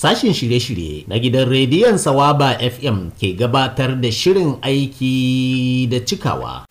Sashin shirye-shirye na gidan rediyon Sawaba FM ke gabatar da shirin aiki da cikawa.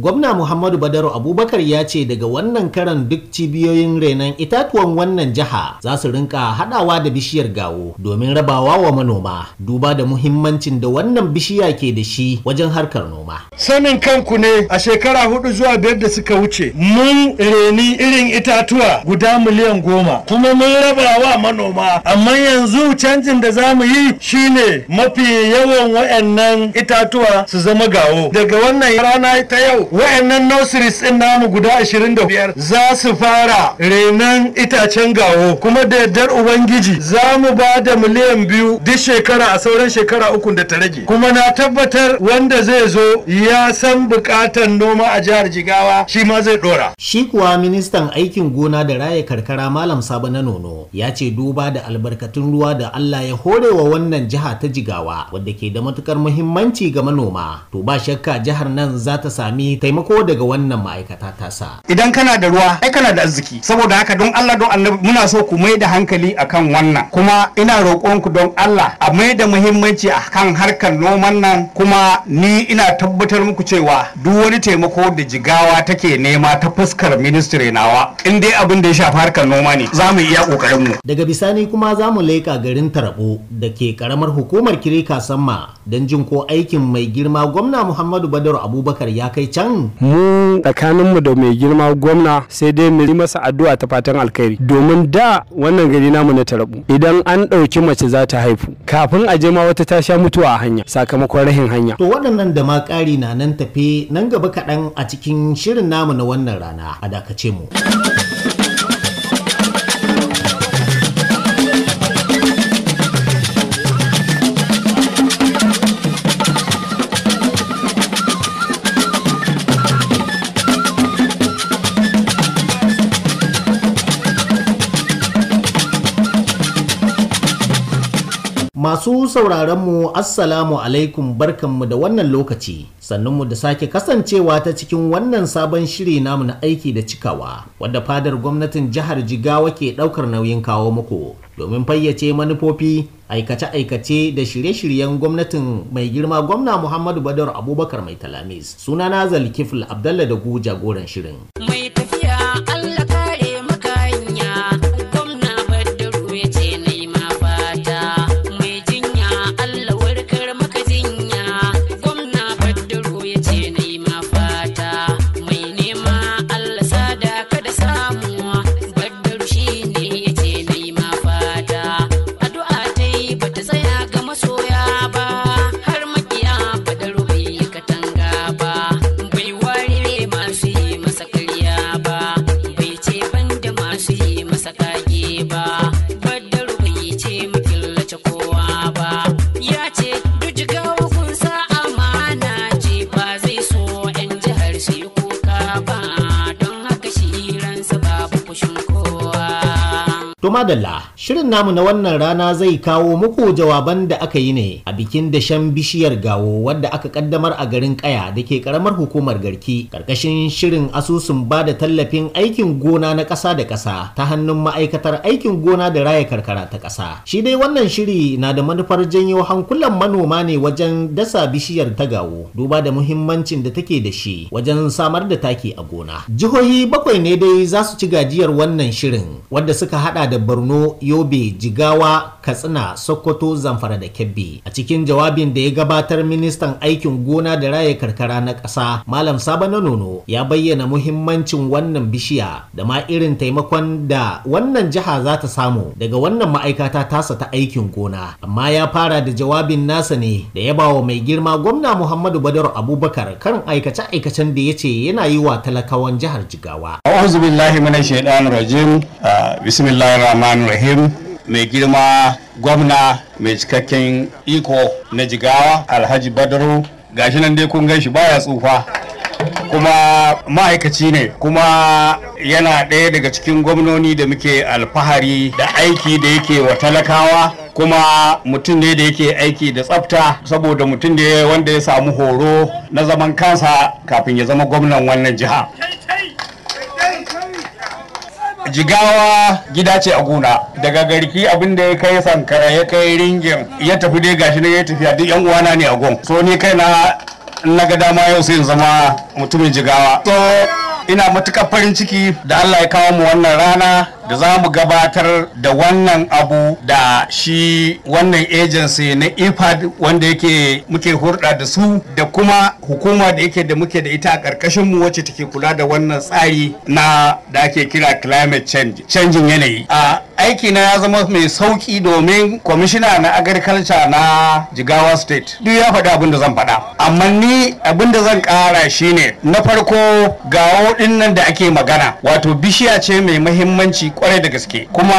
gwamna muhammadu badaru abubakar ya ce daga wannan karan duk cibiyoyin renon itatuwan wannan jiha za su rinka hadawa da bishiyar gawo domin rabawa wa manoma duba da muhimmancin da wannan bishiya ke da shi wajen harkar noma sanin kanku ne a shekara hudu zuwa biyar da suka wuce mun reni irin itatuwa guda miliyan goma kuma mun rabawa manoma amma yanzu canjin da za mu yi shine mafi yawan waɗannan itatuwa su zama gawo daga wannan rana ta yau wa'annan nurseries din namu guda 25 za su fara renon itacen gawo kuma da yardar ubangiji za mu ba da miliyan biyu duk shekara a sauran shekara uku da ta rage kuma na tabbatar wanda zai zo ya san bukatan noma a jihar jigawa shi ma zai dora shi kuwa ministan aikin gona da raya karkara malam sabo na nono ya ce duba da albarkatun ruwa da allah ya hore wa wannan jiha ta jigawa wadda ke da matukar muhimmanci ga manoma to ba shakka jihar nan za ta sami taimako daga wannan ma'aikata ta sa idan kana da ruwa ai kana da arziki saboda haka don Allah don Allah muna so ku mai da hankali akan wannan kuma ina roƙonku don Allah a mai da muhimmanci akan harkar noman nan kuma ni ina tabbatar muku cewa duk wani taimako da jigawa take nema ta fuskar ministry nawa in dai abin da ya shafi harkar noma ne za mu iya kokarin mu daga bisani kuma za mu leƙa garin tarabo da ke karamar hukumar kirika samma don jin ko aikin mai girma gwamna muhammadu badaru abubakar ya kai can mu tsakaninmu da mai girma gwamna sai dai mu yi masa addu'a ta fatan alkhairi domin da wannan gari namu na tarabu idan an ɗauki mace za ta haifu kafin a je ma wata ta sha mutuwa a hanya sakamakon rahin hanya to waɗannan da ma ƙari na nan tafe nan gaba kaɗan a cikin shirin namu na wannan rana a dakace mu Masu sauraron mu Assalamu alaikum barkanmu da wannan lokaci, sannunmu da sake kasancewa ta cikin wannan sabon shiri namu na aiki da cikawa, wadda fadar gwamnatin jihar Jigawa ke ɗaukar nauyin kawo muku, domin fayyace manufofi, aikace-aikace da shirye-shiryen gwamnatin mai girma gwamna Muhammadu Badar Abubakar Mai Talamis, sunana Zalkifil Abdallah da Gu jagoran shirin. تمادلله Shirin namu na wannan rana zai kawo muku jawaban da aka yi ne a bikin dashen bishiyar gawo wadda aka kaddamar a garin Kaya da ke karamar hukumar Garki karkashin shirin asusun ba da tallafin aikin gona na ƙasa da ƙasa ta hannun ma'aikatar aikin gona da raya karkara ta ƙasa. Shi dai wannan shiri na da manufar janyo hankulan manoma ne wajen dasa bishiyar ta gawo duba da muhimmancin da take da shi wajen samar da taki a gona. Jihohi bakwai ne dai za su ci gajiyar wannan shirin wadda suka hada da Borno, Yobe, Jigawa, Katsina, Sokoto, Zamfara da Kebbi. A cikin jawabin da ya gabatar ministan aikin gona da raya karkara na ƙasa, Malam Saba na Nono ya bayyana muhimmancin wannan bishiya da ma irin taimakon da wannan jiha za ta samu daga wannan ma'aikata tasa ta aikin gona. Amma ya fara da jawabin nasa ne da ya bawa mai girma gwamna Muhammadu Badar Abubakar kan aikace-aikacen da ya ce yana yi wa talakawan jihar Jigawa. A'udhu billahi minash shaitanir rajim. Ah, bismillahir rahman rahim mai girma gwamna mai cikakken iko na jigawa alhaji badaru gashi nan dai kun gan shi baya tsufa kuma ma'aikaci ne kuma yana ɗaya daga cikin gwamnoni da muke alfahari da aiki da yake wa talakawa kuma mutum ne da yake aiki da tsafta saboda mutum ne wanda ya samu horo na zaman kansa kafin ya zama gwamnan wannan jiha jigawa gida ce a gona daga garki abin da ya kai sankara ya kai ringin ya tafi dai gashi ne ya tafiya duk yan uwana ne a gon so ni kai na na ga dama yau sai in zama mutumin jigawa so ina matuƙar farin ciki da Allah ya kawo mu wannan rana da za mu gabatar da wannan abu da shi wannan agency na ifad wanda yake muke hurɗa da su da kuma hukuma da yake da muke da ita a ƙarƙashin mu wacce take kula da wannan tsari na da ake kira climate change canjin yanayi a aiki na ya zama mai sauki domin kwamishina na agriculture na jigawa state duk ya faɗi abin da zan faɗa amma ni abin da zan ƙara shine na farko ga ɗin nan da ake magana wato bishiya ce mai mahimmanci kwarai da gaske kuma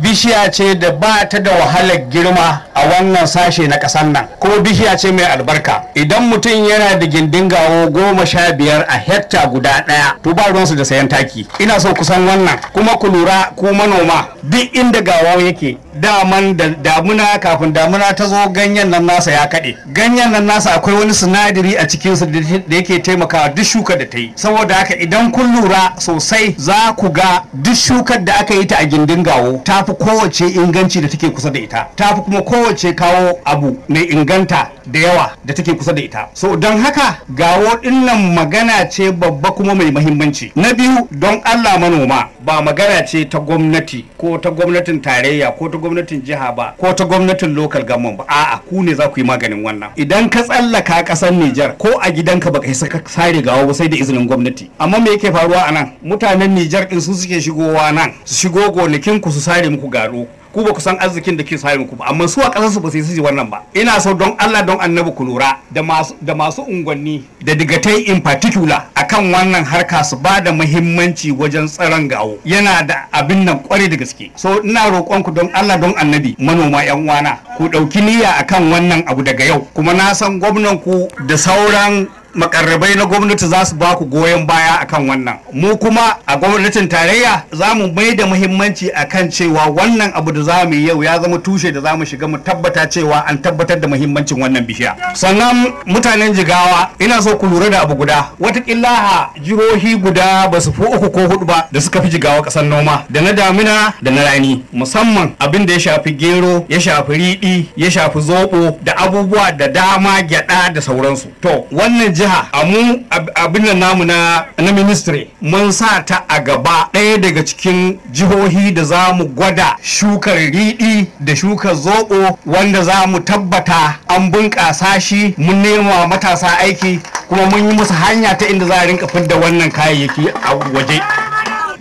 bishiya ce da ba ta da wahalar girma a wannan sashe na ƙasar nan kuma bishiya ce mai albarka idan mutum yana da gindin gawo goma sha biyar a hekta guda ɗaya to ba ruwansu da sayan taki ina so kusan wannan kuma ku lura ku manoma duk inda gawo yake daman da damuna kafin damuna ta zo ganyen nan nasa ya kaɗe ganyen nan nasa akwai wani sinadari a cikinsa da yake taimakawa duk shuka da ta yi saboda haka idan kun lura sosai za ku ga duk shukar da da aka yi ta a gindin gawo ta fi kowace inganci da take kusa da ita ta fi kuma kowace kawo abu mai inganta da yawa da take kusa da ita so don haka gawo dinnan magana ce babba kuma mai mahimmanci na biyu don allah manoma ba magana ce ta gwamnati ko ta gwamnatin tarayya ko ta gwamnatin jiha ba ko ta gwamnatin local government ba a'a ku ne za ku yi maganin wannan idan ka tsallaka kasar Nijar ko a gidanka baka isa ka sare gawo sai da izinin gwamnati amma me yake faruwa anan mutanen Nijar din su suke shigowa nan su shigo gonakin ku su sare muku gado ku ba ku san arzikin da ke sare muku ba amma su a su ba sai su ji wannan ba ina so don Allah don annabi ku lura da masu da masu unguwanni da digatai in particular akan wannan harka su ba da muhimmanci wajen tsaron gawo yana da abin nan kware da gaske so ina roƙon ku don Allah don annabi manoma yan uwana ku ɗauki niyya akan wannan abu daga yau kuma na san gwamnan ku da sauran makarrabai na gwamnati za su baku goyon baya akan wannan mu kuma a gwamnatin tarayya za mu mai da muhimmanci akan cewa wannan abu da za mu yi yau ya zama tushe da za mu shiga mu tabbata cewa an tabbatar da muhimmancin wannan bishiya sannan mutanen jigawa ina so ku lura da abu guda wata watakila jihohi guda ba su fi uku ko hudu ba da suka fi jigawa kasar noma da na damina da na rani musamman abin da ya shafi gero ya shafi riɗi ya shafi zobo, da abubuwa da dama gyada, da sauransu to wannan jiha a mu abin da namu na ministry mun sa ta a gaba ɗaya daga cikin jihohi da za mu gwada shukar riɗi da shukar zoɓo wanda za mu tabbata an bunƙasa shi mun nema matasa aiki kuma mun yi musu hanya ta inda za a rinka fidda wannan kayayyaki a waje.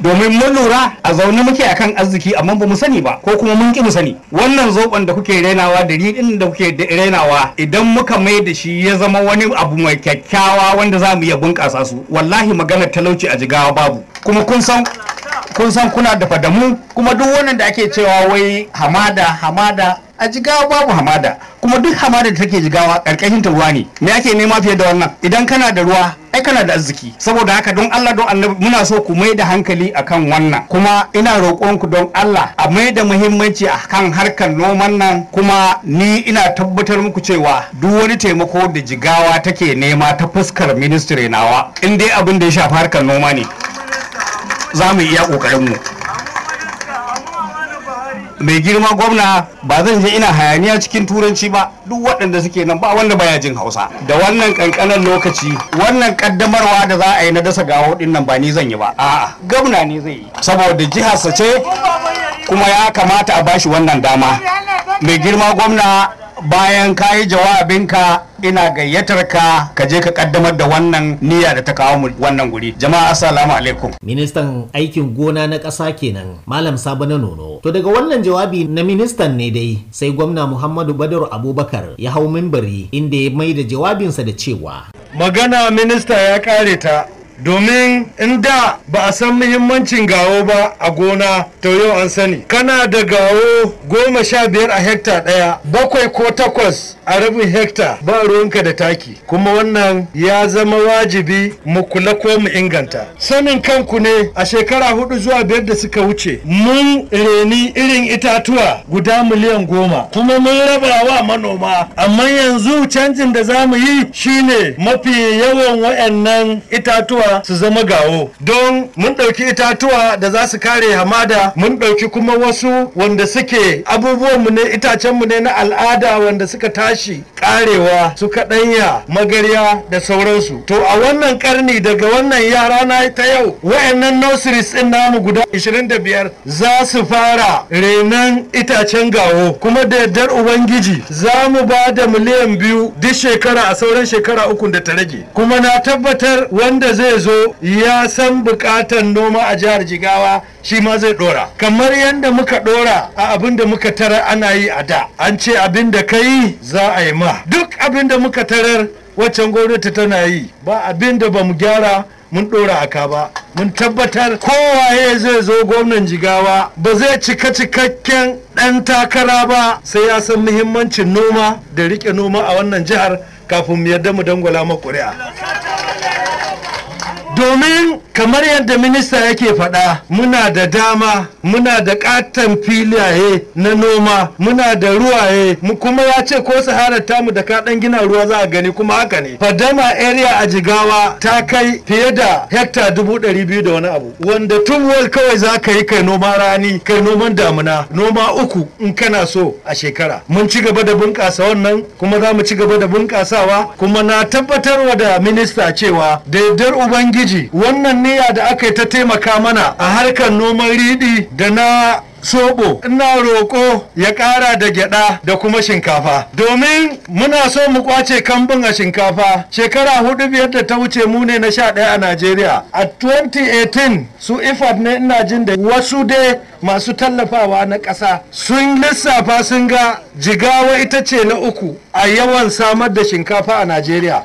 domin mun lura a zaune muke akan arziki amma ba mu sani ba ko kuma mun ki mu sani wannan zoben da kuke rainawa da ridin da kuke rainawa idan muka mai da shi ya zama wani abu mai kyakkyawa wanda za mu iya bunƙasa su wallahi maganar talauci a jigawa babu kuma kun san kun san kuna da fadamu kuma duk wannan da ake cewa wai hamada hamada a jigawa babu hamada kuma duk hamada da take jigawa karkashin ruwa ne me ake nema fiye da wannan idan kana da ruwa ai kana da arziki saboda haka don Allah don Annabi muna so ku mai da hankali akan wannan kuma ina roƙon ku don Allah a mai da muhimmanci akan harkar noman nan kuma ni ina tabbatar muku cewa duk wani taimako da jigawa take nema ta fuskar ministry nawa in dai abin da ya shafi harkar noma ne za mu iya ƙoƙarinmu. mu mai girma gwamna ba zan je ina hayaniya cikin turanci ba duk waɗanda suke nan ba wanda baya jin hausa da wannan kankanan lokaci wannan kaddamarwa da za a yi na dasa gawo din nan ba ni zan yi ba a'a gwamna ne zai yi saboda jiharsa ce kuma ya kamata a bashi wannan dama mai girma gwamna bayan kayi jawabinka ina gayyatar ka ka je ka kaddamar da wannan niyya da ta kawo mu wannan guri jama'a assalamu alaikum ministan aikin gona na ƙasa kenan malam sabo na nono to daga wannan jawabi na ministan ne dai sai gwamna muhammadu badaru abubakar ya hau mimbari inda ya mai da jawabinsa da cewa magana minista ya kare ta domin in da ba a san muhimmancin gawo ba a gona to yau an sani kana da gawo goma sha biyar a hekta ɗaya bakwai ko takwas a rabin hekta ba ruwanka da taki kuma wannan ya zama wajibi mu kula ko mu inganta sanin kanku ne a shekara hudu zuwa biyar da suka wuce mun reni irin itatuwa guda miliyan goma kuma mun raba wa manoma amma yanzu canjin da za mu yi shine mafi yawan waɗannan itatuwa su zama gawo don mun ɗauki itatuwa da za su kare hamada mun ɗauki kuma wasu wanda suke abubuwanmu ne itacenmu ne na al'ada wanda suka tashi karewa su kaɗanya magarya da sauransu to a wannan karni daga wannan yara na ta yau wayannan nurseries ɗin namu guda 25 za su fara renon itacen gawo kuma da yardar ubangiji za mu ba da miliyan biyu duk shekara a sauran shekara uku da ta rage kuma na tabbatar wanda zai zo ya san bukatan noma a jihar jigawa shi ma zai dora kamar yadda muka dora a abin da muka tara ana yi a da an ce abin da ka yi za a yi ma duk abin da muka tarar waccan gwamnati tana yi ba abin da ba mu gyara mun ɗora ka ba mun tabbatar kowaye zai zo gwamnan jigawa ba zai cika cikakken ɗan takara ba sai ya san muhimmancin noma da riƙe noma a wannan jihar kafin mu yarda mu dangwala ma kuri'a Domingo! kamar yadda minista yake faɗa muna da dama muna da katon filaye na noma muna da ruwaye kuma ya ce ko sahara mu da kaɗan gina ruwa za a gani kuma haka ne fadama area a jigawa ta kai fiye da hekta dubu ɗari biyu da wani abu wanda tun wal kawai za ka yi kai noma rani kai noman damuna noma uku in kana so a shekara mun ci gaba da bunƙasa wannan kuma za mu ci gaba da bunƙasawa kuma na tabbatarwa da minista cewa daidar ubangiji wannan niyya da aka yi ta taimaka mana a harkar noman riɗi da na sobo ina roƙo ya ƙara da gyaɗa da kuma shinkafa domin muna so mu kwace kambun a shinkafa shekara hudu biyar da ta wuce mu ne na sha ɗaya a najeriya a 2018 su ifad ne ina jin da wasu dai masu tallafawa na ƙasa sun lissafa sun ga jigawa ita ce na uku a yawan samar da shinkafa a najeriya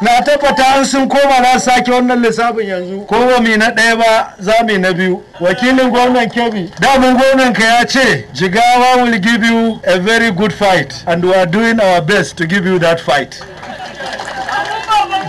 na tabbata an sun koma na sake wannan lissafin yanzu ko ba mai na ɗaya ba za mai na biyu wakilin gwamnan kebbi damun gwamnan ka ya ce jigawa will give you a very good fight and we are doing our best to give you that fight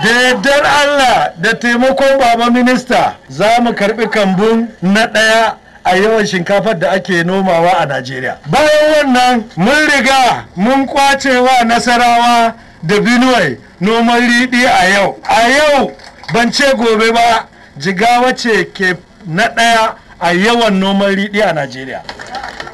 da yardar Allah da taimakon baba minista za mu karbi kambun na ɗaya a yawan shinkafar da ake nomawa a Najeriya. Bayan wannan mun riga mun kwacewa nasarawa da binuwai noman riɗi a yau. A yau ban ce gobe ba jigawa ce ke na ɗaya a yawan noman riɗi a Najeriya.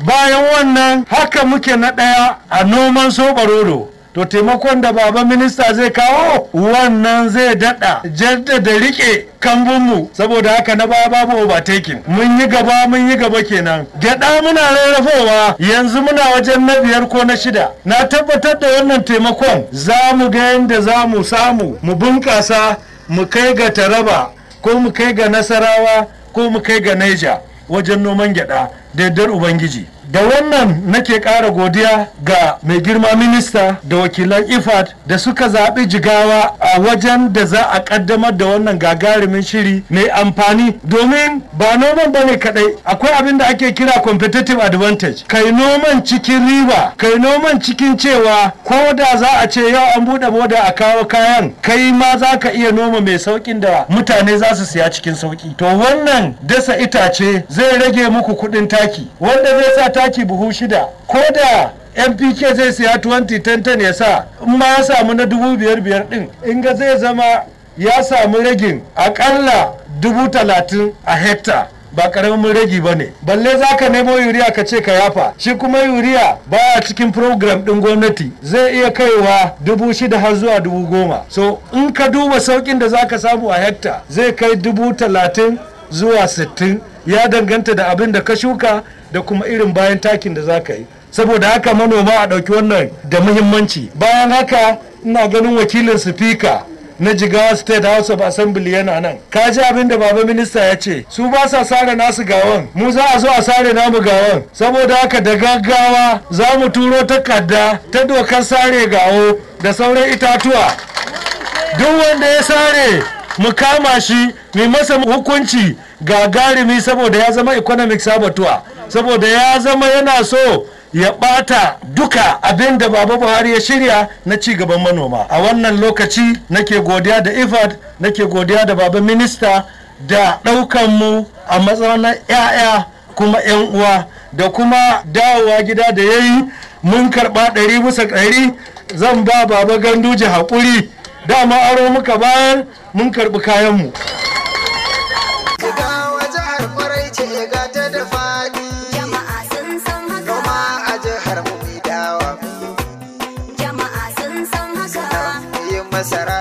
Bayan wannan haka muke na ɗaya a noman soɓarodo. to taimakon da baba minista zai kawo wannan zai daɗa jaddada rike kambunmu saboda haka na baya babu overtaking mun yi gaba mun yi gaba kenan gyaɗa muna rarrafowa yanzu muna wajen na biyar ko na shida na tabbatar da wannan taimakon za mu ga yadda za mu samu mu bunƙasa mu kai ga taraba ko mu kai ga nasarawa ko mu kai ga naija wajen noman gyada da ubangiji da wannan nake ƙara godiya ga mai girma minista da wakilan Ifat da suka zaɓi jigawa a wajen da za a ƙaddamar da wannan gagarumin shiri mai amfani domin ba noman ba ne kaɗai akwai abin da ake kira competitive advantage kai noman cikin riba kai noman cikin cewa ko da za a ce yau an buɗe boda a kawo kayan kai ma za ka iya noma mai sauƙin da mutane za su siya cikin sauƙi to wannan dasa itace zai rage muku kuɗin taki wanda zai sa taki buhu shida ko da mpk zai siya 2010 ya sa in ma ya samu na dubu biyar biyar din in ga zai zama ya samu ragin akalla dubu talatin a hekta ba karamin ragi ba ne balle za ka nemo yuriya ka ce ka yafa shi kuma yuriya baya cikin program din gwamnati zai iya kaiwa dubu shida har zuwa dubu goma so in ka duba saukin da za ka samu a hekta zai kai dubu talatin zuwa sittin ya danganta da abin da ka shuka da kuma irin bayan takin da za ka yi saboda haka manoma a ɗauki wannan da muhimmanci bayan haka ina ganin wakilin sifika na jigawa state house of assembly yana nan ka ji abin da baba minista ya ce su ba sa sare nasu gawan mu za a zo a sare namu gawan saboda haka da gaggawa za mu turo takarda ta dokar sare gawo da sauran itatuwa duk wanda ya sare mu kama shi mai masa hukunci gagarumi saboda ya zama economic sabatuwa saboda ya zama yana so ya bata duka abin da baba buhari ya shirya na ci gaban manoma a wannan lokaci nake godiya da ifad nake godiya da baba minista da mu a matsayin 'ya'ya kuma 'yan uwa da kuma dawowa gida da ya yi mun karɓa ɗari bisa ɗari zan ba baba ganduje haƙuri dama aro muka bayan mun karɓi kayanmu Sarah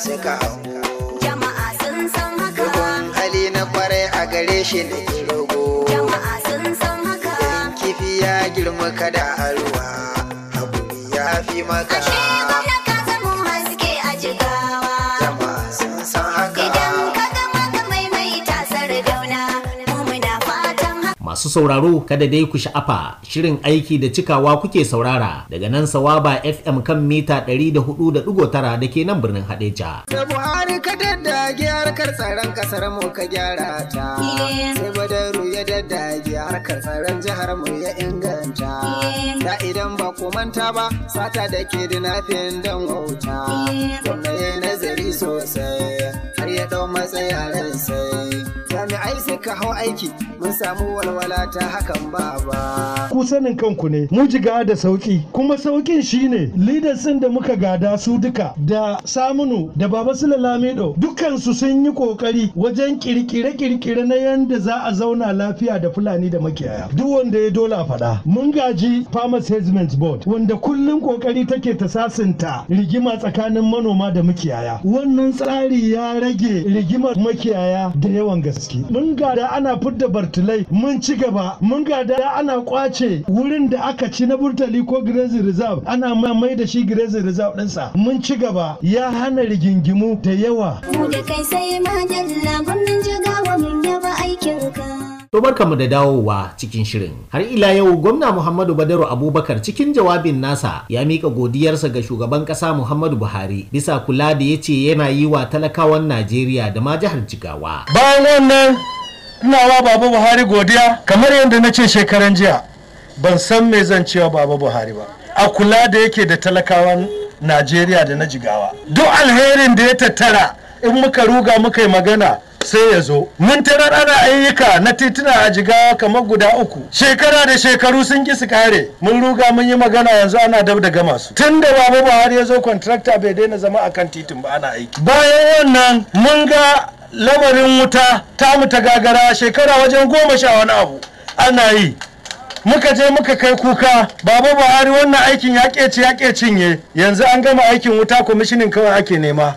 suka jama'a sun san haka dukkan hali na kwarai a gare shi ne rogo jama'a sun san haka kifi ya girma kada a ruwa abu ya fi maka masu sauraro kada dai ku sha'afa shirin aiki da cikawa kuke saurara daga nan sawaba FM kan mita 104.9 da ke nan birnin Hadeja. Sai Buhari ka daddage harkar tsaron kasar mu ka gyara ta. Sai Badaru ya daddage harkar tsaron jihar mu ya inganta. Da idan ba ku manta ba sata da ke dinafin dan wauta. Gwamna nazari sosai. har ya dau matsaya ran sai jami'ai hau aiki mun samu walwala ta hakan ba ba ku sanin kanku ne mu jiga da sauki kuma saukin ne. leaders sun da muka gada su duka da Saminu da baba sula lamido dukansu sun yi kokari wajen kirkire kirkire na yanda za a zauna lafiya da fulani da makiyaya duk wanda ya dola a faɗa mun gaji farmers Hedgement board wanda kullum kokari take ta sasinta rigima tsakanin manoma da makiyaya wannan tsari ya rage rigimar makiyaya da yawan gaske mun gada ana fidda bartilai mun ci gaba mun gada ana kwace wurin da aka ci na burtali ko grazing reserve ana mai da shi grazing reserve ɗinsa mun ci gaba ya hana rigingimu da yawa mu da kai sai ma gwamnan jigawa mun yaba ka. To barkamu da dawowa cikin shirin. Har ila yau gwamna Muhammadu Badaru Abubakar cikin jawabin nasa ya mika godiyarsa ga shugaban kasa Muhammadu Buhari bisa kula da ya ce yana yi wa talakawan Najeriya da ma jihar Jigawa. Bayan wannan ina wa Baba Buhari godiya kamar yadda na ce shekaran jiya ban san me zan cewa Baba Buhari ba. A kula da yake da talakawan Najeriya da na Jigawa. Duk alherin da ya tattara in muka ruga muka yi magana sai ya zo mun tarar ana ayyuka na tituna a jigawa kamar guda uku shekara da shekaru sun ki su kare mun ruga mun yi magana yanzu ana dab da gama su tun da baba buhari ya zo kwantrakta bai daina zama a kan titin ba ana aiki bayan wannan mun ga lamarin wuta ta mu ta gagara shekara wajen goma sha wani abu ana yi muka je muka kai kuka baba buhari wannan aikin ya ce ya cinye yanzu an gama aikin wuta kwamishinin kawai ake nema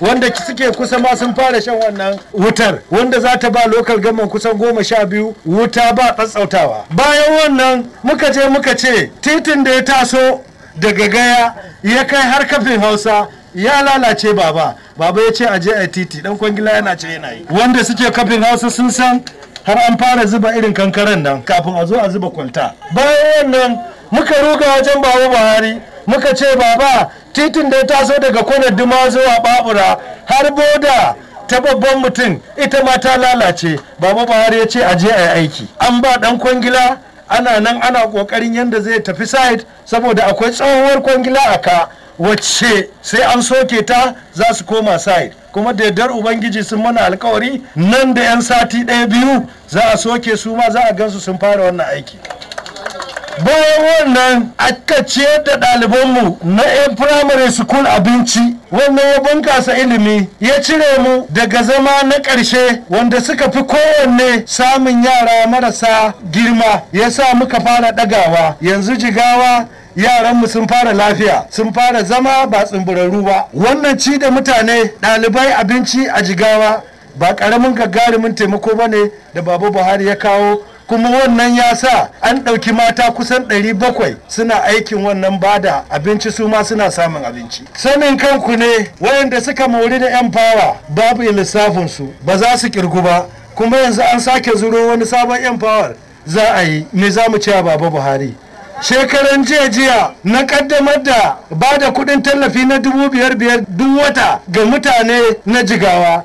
wanda suke kusa ma sun fara shan wannan wutar wanda za ta ba lokal gaman kusan goma sha biyu wuta ba tsatsautawa bayan wannan muka je muka ce titin da ya taso daga gaya ya kai har kafin hausa ya lalace baba baba ya ce aje a titi dan kwangila yana ce yana yi wanda suke kafin hausa sun san har an fara zuba irin kankaren nan kafin a zo a zuba kwalta bayan wannan muka ruga wajen baba buhari muka ce baba titin da ya taso daga kone duma zuwa babura har boda ta babban mutum ita ma ta lalace baba buhari ya ce a je a yi aiki an ba dan kwangila ana nan ana kokarin yadda zai tafi said, saboda akwai tsohuwar kwangila a ka wacce sai an soke ta za su koma said. kuma da yardar ubangiji sun mana alkawari nan da 'yan sati ɗaya biyu za a soke su ma za a gansu sun fara wannan aiki bayan wannan aka ciyar da ɗalibanmu na 'yan firamare school abinci wannan ya bunkasa ilimi ya cire mu daga zama na ƙarshe wanda suka fi kowanne samun yara marasa girma ya sa muka fara ɗagawa yanzu jigawa yaranmu sun fara lafiya sun fara zama ba tsumbararru ba wannan ci da mutane ɗalibai abinci a jigawa ba ƙaramin gagarumin taimako ba ne da babu buhari ya kawo kuma wannan ya sa an ɗauki mata kusan 700 suna aikin wannan bada abinci su ma suna samun abinci sanin kanku ne wayanda suka mauri da 'yan fawa babu lissafinsu ba za su kirgu ba kuma yanzu an sake zuro wani sabon 'yan fawar za a yi me za mu cewa baba buhari shekaran jiya jiya na kaddamar da ba da kudin tallafi na dubu biyar biyar duk wata ga mutane na jigawa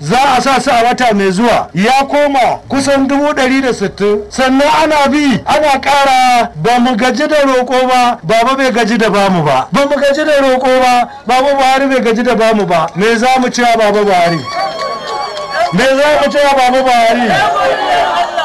za a sa su a wata mai zuwa ya koma kusan dubu ɗari da sittin sannan ana bi ana ƙara ba mu gaji da roƙo ba baba bai gaji da bamu ba ba mu gaji da roƙo ba baba buhari bai gaji da bamu ba me za mu ci baba buhari me za mu ci baba buhari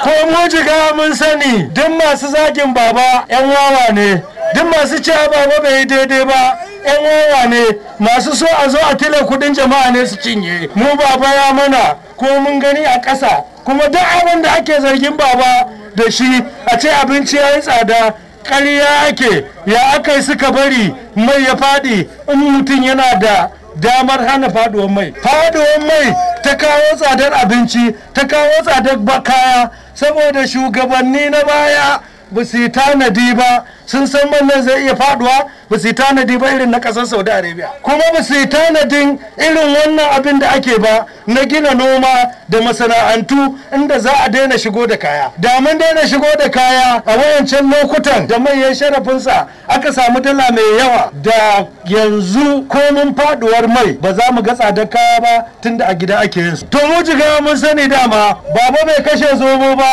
ko mu jiga mun sani duk masu zagin baba yan wawa ne duk masu cewa baba bai daidai ba yan wawa ne masu so a zo a tile kudin jama'a ne su cinye mu baba ya mana ko mun gani a ƙasa kuma duk abin da ake zargin baba da shi a ce abinci ya yi tsada ƙarya ake ya aka yi suka bari mai ya faɗi in mutum yana da damar hana faduwar mai faduwar mai ta kawo tsadar abinci ta kawo tsadar kaya saboda shugabanni na baya ba su yi tanadi ba sun san wannan zai iya faduwa ba su yi tanadi ba irin na kasar saudi arabia kuma ba su yi tanadin irin wannan abin da ake ba na gina noma da masana'antu inda za a daina shigo da kaya da mun daina shigo da kaya a wayancan lokutan da mai manyan sharafinsa aka samu dala mai yawa da yanzu komin faduwar mai ba za mu ga tsadar kaya ba tunda a gida ake yin su to mu jiga mun sani dama baba bai kashe zobo ba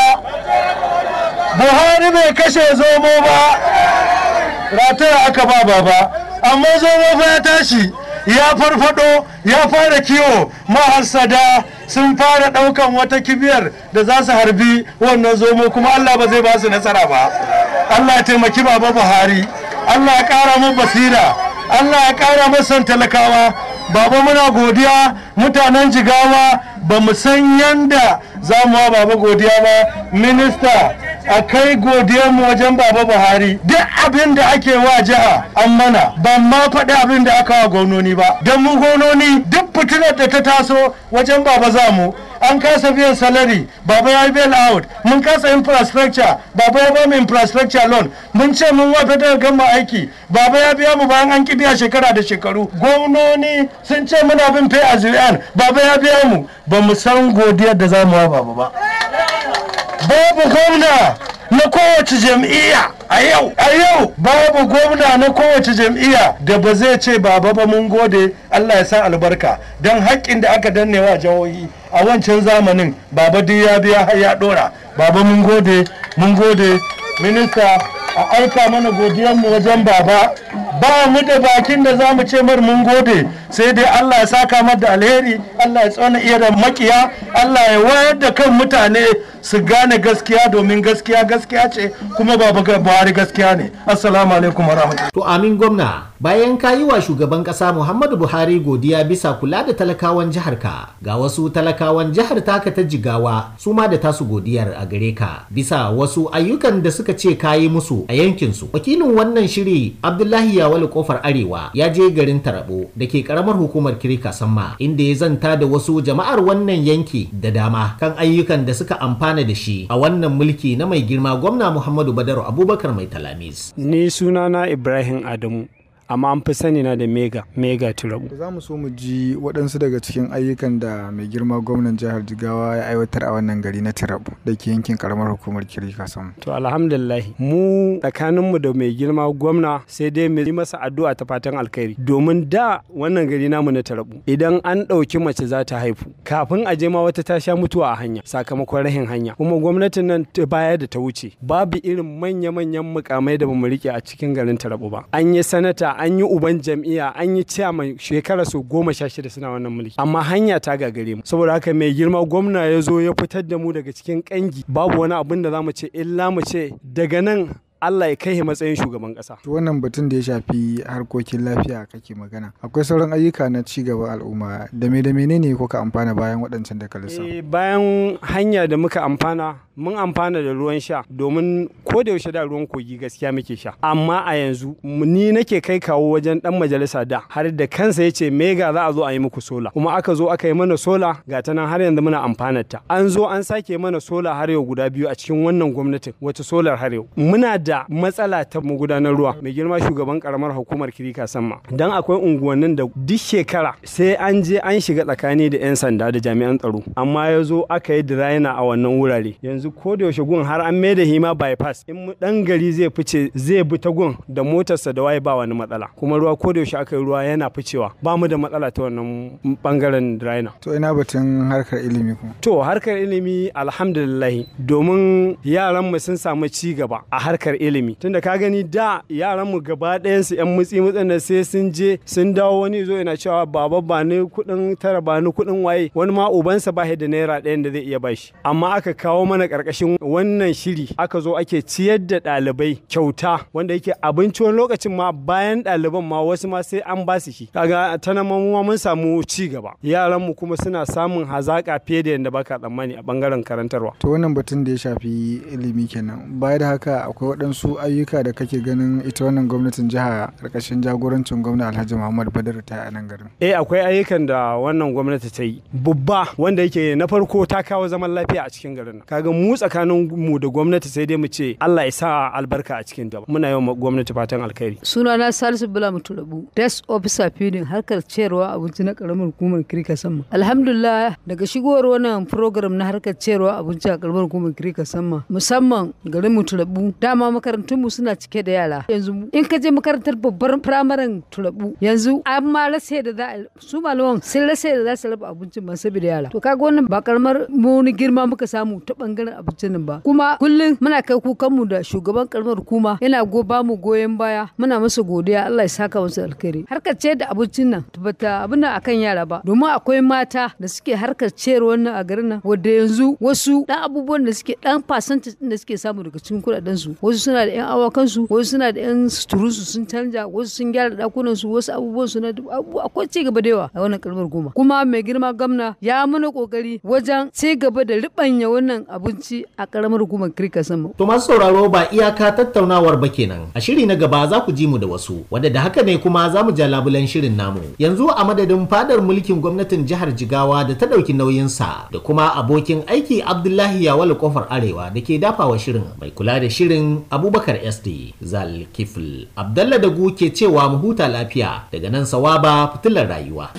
buhari bai kashe zomo ba rataya aka ba baba amma zomo fa ya tashi ya farfado ya fara kiwo ma'asada sun fara daukan wata kibiyar da za su harbi wannan zomo kuma allah ba zai ba su nasara ba allah ya taimaki baba buhari allah ya kara mun basira allah ya kara masan talakawa baba muna godiya mutanen jigawa ba mu san yanda za mu wa baba godiya ba minista a kai godiyar mu wajen baba buhari duk abin da ake wa jiha an mana ba ma faɗi abin da aka wa gwamnoni ba don mu gononi duk fitilar da ta taso wajen baba za mu an kasa biyan salari baba ya bail out mun kasa infrastructure baba ya ba mu infrastructure loan mun ce mun wa federal gama aiki baba ya biya mu bayan an kibiya shekara da shekaru gwamnoni sun ce muna bin pay as you baba ya biya mu ba mu san godiyar da za mu wa baba ba babu gwamna na kowace jam'iyya a yau a yau babu gwamna na kowace jam'iyya da ba zai ce baba ba mun gode Allah ya sa albarka don haƙƙin da aka danne wa jihohi a wancan zamanin baba duk ya biya har ya dora baba mun gode mun gode Minista a aika mana mu wajen baba ba mu da bakin da za mu ce mar mun gode sai dai Allah ya saka mar da alheri Allah ya tsona iya da makiya Allah ya wayar da kan mutane su gane gaskiya domin gaskiya gaskiya ce kuma ba Buhari gaskiya ne assalamu alaikum warahmatullahi to amin gwamna bayan ka yi wa shugaban ƙasa Muhammadu Buhari godiya bisa kula da talakawan jihar ka ga wasu talakawan jihar taka ta jigawa su ma da tasu godiyar a gare ka bisa wasu ayyukan da suka ce ka yi musu a yankinsu. su wakilin wannan shiri Abdullahi Yawali kofar Arewa ya je garin Tarabo da ke karamar hukumar Kirika Samma inda ya zanta da wasu jama'ar wannan yanki da dama kan ayyukan da suka amfana da shi a wannan mulki na mai girma gwamna Muhammadu Badaru Abubakar mai Talamis ni sunana Ibrahim Adamu amma an fi sani na da mega mega turabu za mu so mu ji waɗansu daga cikin ayyukan da mai girma gwamnan jihar jigawa ya aiwatar a wannan gari na turabu da ke yankin karamar hukumar kirika sam to alhamdulillah mu tsakaninmu da mai girma gwamna sai dai mu yi masa addu'a ta fatan alkhairi domin da wannan gari namu na turabu idan an ɗauki mace za ta haifu kafin a je ma wata ta sha mutuwa a hanya sakamakon rahin hanya kuma gwamnatin nan ta baya da ta wuce babu irin manya-manyan mukamai da bamu rike a cikin garin turabu ba an yi sanata an yi uban jam'iyya an yi ciyaman shekara su goma sha shida suna wannan mulki amma hanya ta gagare mu saboda haka mai girma gwamna ya zo ya fitar da mu daga cikin kangi babu wani abin da za mu ce illa mu ce daga nan Allah ya kai matsayin shugaban ƙasa To wannan batun da ya shafi harkokin lafiya kake magana. Akwai sauran ayyuka na ci gaban al'umma da me da menene kuka amfana bayan waɗancan da lissa? Eh bayan hanya da muka amfana mun amfana da ruwan sha domin ko da yaushe da ruwan kogi gaskiya muke sha amma a yanzu ni nake kai kawo wajen dan majalisa da har da kansa yace mega za a zo a yi muku sola kuma aka zo aka yi mana sola ga nan har yanzu muna amfanar ta an zo an sake mana sola har yau guda biyu a cikin wannan gwamnatin wata solar har yau muna da da matsala ta magudanar ruwa mai girma shugaban karamar hukumar kirika sama don akwai unguwannin da duk shekara sai an je an shiga tsakani da yan sanda da jami'an tsaro amma ya zo aka yi diraina a wannan wurare yanzu ko da yaushe gun har an mai da hima bypass in dan gari zai fice zai bi ta gun da motarsa da waye ba wani matsala kuma ruwa ko da yaushe aka yi ruwa yana ficewa ba mu da matsala ta wannan bangaren diraina to ina batun harkar ilimi kuma to harkar ilimi alhamdulillah domin yaran mu sun samu ci gaba a harkar ilimi tunda ka gani da yaran mu gaba ɗayansu yan mutsi mutsan da sai sun je sun dawo wani zo yana cewa baba ba ni kuɗin tara ba ni kuɗin waye wani ma ubansa ba da naira ɗayan da zai iya bashi amma aka kawo mana karkashin. wannan shiri aka zo ake ciyar da ɗalibai kyauta wanda yake abinci wani lokacin ma bayan ɗaliban ma wasu ma sai an ba su shi kaga ta nan mun samu ci gaba yaran mu kuma suna samun hazaka fiye da yadda baka tsammani a bangaren karantarwa to wannan batun da ya shafi ilimi kenan baya da haka akwai waɗansu ayyuka da kake ganin ita wannan gwamnatin jiha ƙarƙashin jagorancin gwamna alhaji muhammad badar ta a nan garin eh akwai ayyukan da wannan gwamnati ta yi babba wanda yake na farko ta kawo zaman lafiya a cikin garin kaga mu tsakanin mu da gwamnati sai dai mu ce allah ya sa albarka a cikin daba muna yawan gwamnati fatan alkhairi sunana salisu bula mutulabu desk officer feeding harkar ciyarwa abinci na karamar hukumar kirka sama alhamdulillah daga shigowar wannan program na harkar ciyarwa abinci a karamar hukumar kirka sama musamman garin mutulabu dama mu suna cike da yara yanzu in ka je makarantar babbar firamaren turabu yanzu an ma rasa da za su malaman sun rasa da za su raba abincin ma saboda yara to kaga wannan ba karamar ni girma muka samu ta bangaren abincin nan ba kuma kullum muna kai kukan mu da shugaban karamar kuma yana go ba mu goyon baya muna masa godiya Allah ya saka masa alkhairi harkar ce da abincin nan tabbata abin akan yara ba domin akwai mata da suke harkar ciyar wannan a garin nan wanda yanzu wasu dan abubuwan da suke dan fasantin da suke samu daga cikin kudaden su wasu suna da 'yan awakansu wasu suna da 'yan suturusu sun canja wasu sun gyara ɗakunansu wasu abubuwan su na akwai ci gaba da yawa a wannan kalmar goma kuma mai girma gwamna ya mana kokari wajen ci gaba da ribanya wannan abinci a karamar goma kirka sama. to masu sauraro ba iyaka tattaunawar ba kenan a shiri na gaba za ku ji mu da wasu wanda da haka ne kuma za mu ja labulan shirin namu yanzu a madadin fadar mulkin gwamnatin jihar jigawa da ta ɗauki nauyinsa da kuma abokin aiki abdullahi yawal kofar arewa da ke dafawa shirin mai kula da shirin abubakar sd zalkifl kifil da ke cewa mu huta lafiya daga nan sawaba fitilar rayuwa